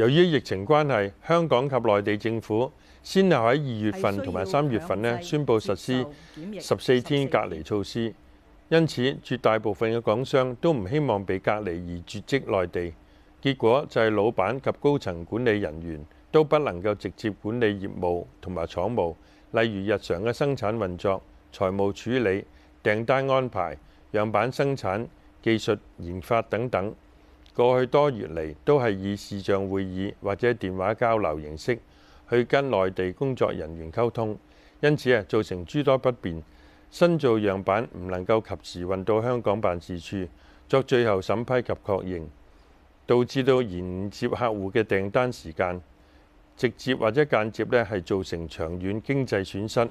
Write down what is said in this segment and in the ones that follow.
由於疫情關係，香港及內地政府先後喺二月份同埋三月份呢宣布實施十四天隔離措施，因此絕大部分嘅港商都唔希望被隔離而絕跡內地。結果就係老闆及高層管理人員都不能夠直接管理業務同埋廠務，例如日常嘅生產運作、財務處理、訂單安排、樣板生產、技術研發等等。過去多月嚟都係以視像會議或者電話交流形式去跟內地工作人員溝通，因此啊造成諸多不便。新造樣板唔能夠及時運到香港辦事處作最後審批及確認，導致到延接客戶嘅訂單時間，直接或者間接呢係造成長遠經濟損失。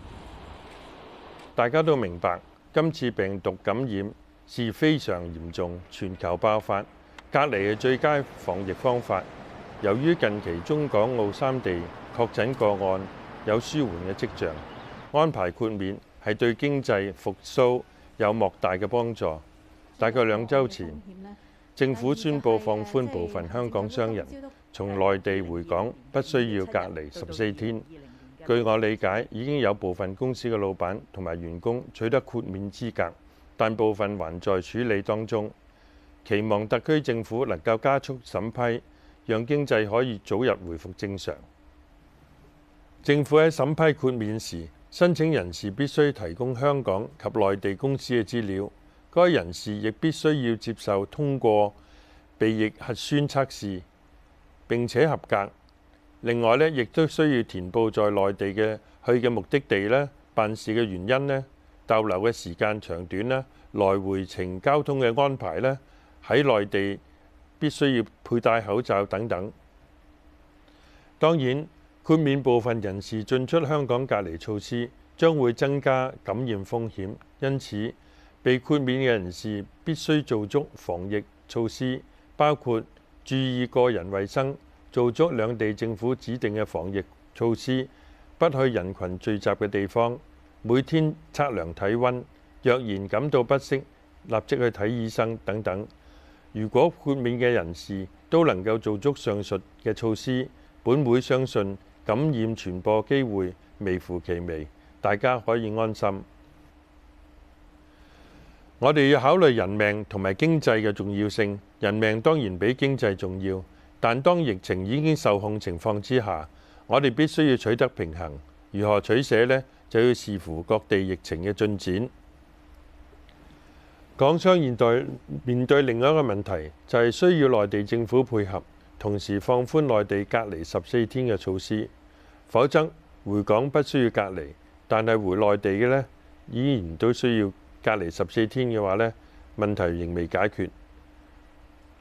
大家都明白今次病毒感染是非常嚴重，全球爆發。隔離係最佳防疫方法。由於近期中港澳三地確診個案有舒緩嘅跡象，安排豁免係對經濟復甦有莫大嘅幫助。大概兩週前，政府宣布放寬部分香港商人從內地回港，不需要隔離十四天。據我理解，已經有部分公司嘅老闆同埋員工取得豁免資格，但部分還在處理當中。期望特區政府能夠加速審批，讓經濟可以早日回復正常。政府喺審批豁免時，申請人士必須提供香港及內地公司嘅資料，該人士亦必須要接受通過鼻液核酸測試並且合格。另外呢，亦都需要填報在內地嘅去嘅目的地呢、辦事嘅原因呢、逗留嘅時間長短呢、來回程交通嘅安排呢。喺內地必須要佩戴口罩等等。當然，豁免部分人士進出香港隔離措施，將會增加感染風險。因此被豁免嘅人士必須做足防疫措施，包括注意個人衞生、做足兩地政府指定嘅防疫措施、不去人群聚集嘅地方、每天測量體温，若然感到不適，立即去睇醫生等等。如果豁免嘅人士都能夠做足上述嘅措施，本會相信感染傳播機會微乎其微，大家可以安心。我哋要考慮人命同埋經濟嘅重要性，人命當然比經濟重要，但當疫情已經受控情況之下，我哋必須要取得平衡。如何取捨咧？就要視乎各地疫情嘅進展。港商現代面對另外一個問題，就係需要內地政府配合，同時放寬內地隔離十四天嘅措施。否則，回港不需要隔離，但係回內地嘅呢，依然都需要隔離十四天嘅話呢，問題仍未解決。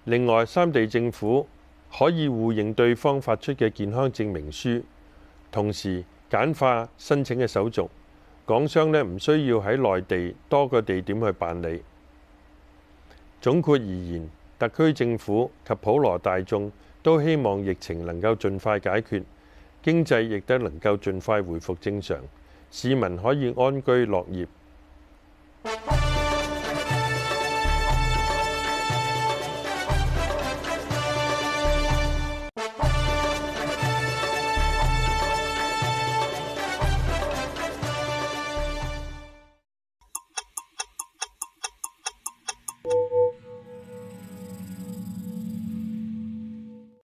另外，三地政府可以互認對方發出嘅健康證明書，同時簡化申請嘅手續，港商呢唔需要喺內地多個地點去辦理。總括而言，特區政府及普羅大眾都希望疫情能夠盡快解決，經濟亦都能夠盡快恢復正常，市民可以安居樂業。